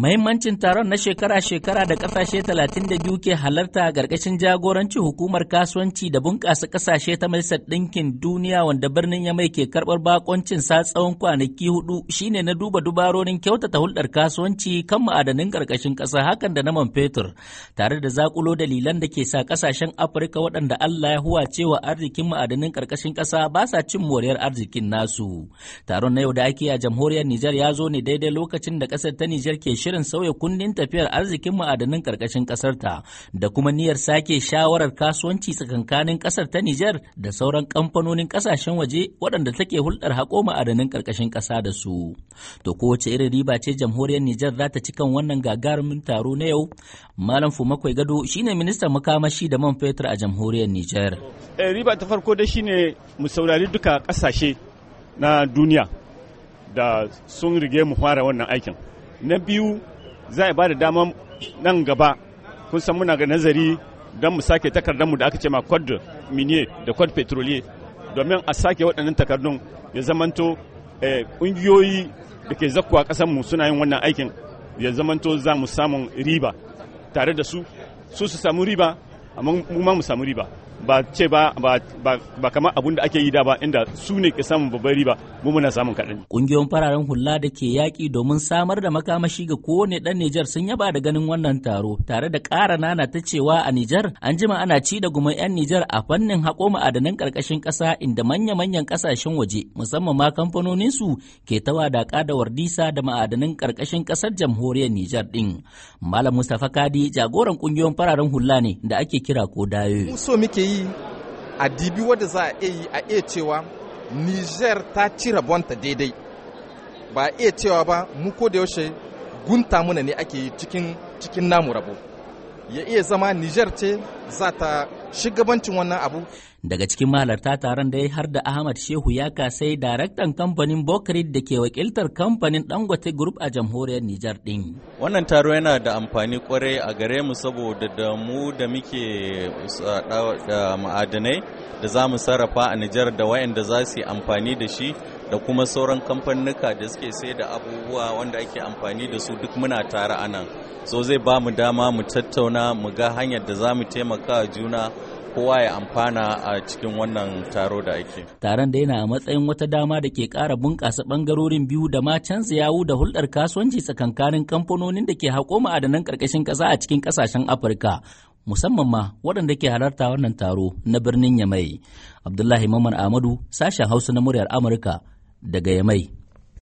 Mahimmancin taron na shekara-shekara da ƙasashe 32 ke halarta a jagoranci hukumar kasuwanci da bunƙasa kasashe ta Majalisar Ɗinkin Duniya wanda birnin ya mai ke karɓar bakoncin sa tsawon kwanaki hudu shine na duba dubarorin kyautata hulɗar kasuwanci kan ma'adanin ƙarƙashin ƙasa hakan da na man fetur tare da zakulo dalilan da ke sa kasashen Afirka waɗanda Allah ya huwa cewa arzikin ma'adanin ƙarƙashin ƙasa ba sa cin moriyar arzikin nasu. Taron na yau da ake a jamhuriyar Nijar ya zo ne daidai lokacin da ƙasar ta Nijar ke shirin sauya kundin tafiyar arzikin ma'adanin ƙarƙashin ƙasarta da kuma niyyar sake shawarar kasuwanci tsakankanin ƙasar ta Nijar da sauran kamfanonin ƙasashen waje waɗanda take hulɗar haƙo ma'adanin ƙarƙashin ƙasa da su. To kowace irin riba ce jamhuriyar Nijar za ta ci kan wannan gagarumin taro na yau? Malam makwai Gado shine ministan makamashi da man fetur a jamhuriyar Nijar. Eh, riba ta farko da shine mu saurari duka ƙasashe na duniya da sun rige mu fara wannan aikin. na biyu za a ba da dama nan gaba kun san muna ga nazari don mu sake takardunmu da aka ce ma code minier da code petrolier domin a sake waɗannan takardun ya zamanto eh, ƙungiyoyi da ke zakkuwa mu suna yin wannan aikin ya zamanto za mu samun riba tare da su su su samu riba amma mu samu riba ba ce ba ba kamar abun da ake yi da ba inda su ne ke samun babbar riba mu muna samun kaɗan. Ƙungiyoyin fararen hula da ke yaƙi domin samar da makamashi ga kowane ɗan Nijar sun yaba da ganin wannan taro tare da ƙara nana ta cewa a Nijar an jima ana ci da guma 'yan Nijar a fannin haƙo ma'adanan ƙarƙashin ƙasa inda manya-manyan ƙasashen waje musamman ma kamfanoninsu ke tawa da wardisa da ma'adanan ƙarƙashin ƙasar jamhuriyar Nijar ɗin. Malam Mustapha Kadi jagoran ƙungiyoyin fararen hula ne da ake kira ko dayo. So muke yi a dibi wadda za a yi a iya cewa niger ta ci rabonta daidai ba a iya cewa ba mu ko da yaushe gunta muna ne ake yi cikin cikin namu rabo ya iya zama niger ce za ta shugabancin wannan abu. Daga cikin mahalarta taron da ya har da Ahmad Shehu ya kasai daraktan kamfanin Bokrit da ke wakiltar kamfanin Dangote Group a jamhuriyar Nijar ɗin. Wannan taro yana da amfani kwarai a gare mu saboda da mu da muke uh, da ma'adanai da za mu sarrafa a Nijar da wayanda za su yi amfani da shi da kuma sauran kamfanuka da suke sai da abubuwa wanda ake amfani da su duk muna tare a nan so zai ba mu dama mu tattauna mu ga hanyar da za mu taimaka juna kowa ya amfana a cikin wannan taro da ake. Taron da yana a matsayin wata dama da ke ƙara bunƙasa ɓangarorin biyu da ma canza yawu da hulɗar kasuwanci tsakankanin kamfanonin da ke haƙo ma'adanan ƙarƙashin ƙasa a cikin ƙasashen Afirka. Musamman ma waɗanda ke halarta wannan taro na birnin Yamai. Abdullahi Mamman Ahmadu, sashen Hausa na muryar Amurka daga ya mai.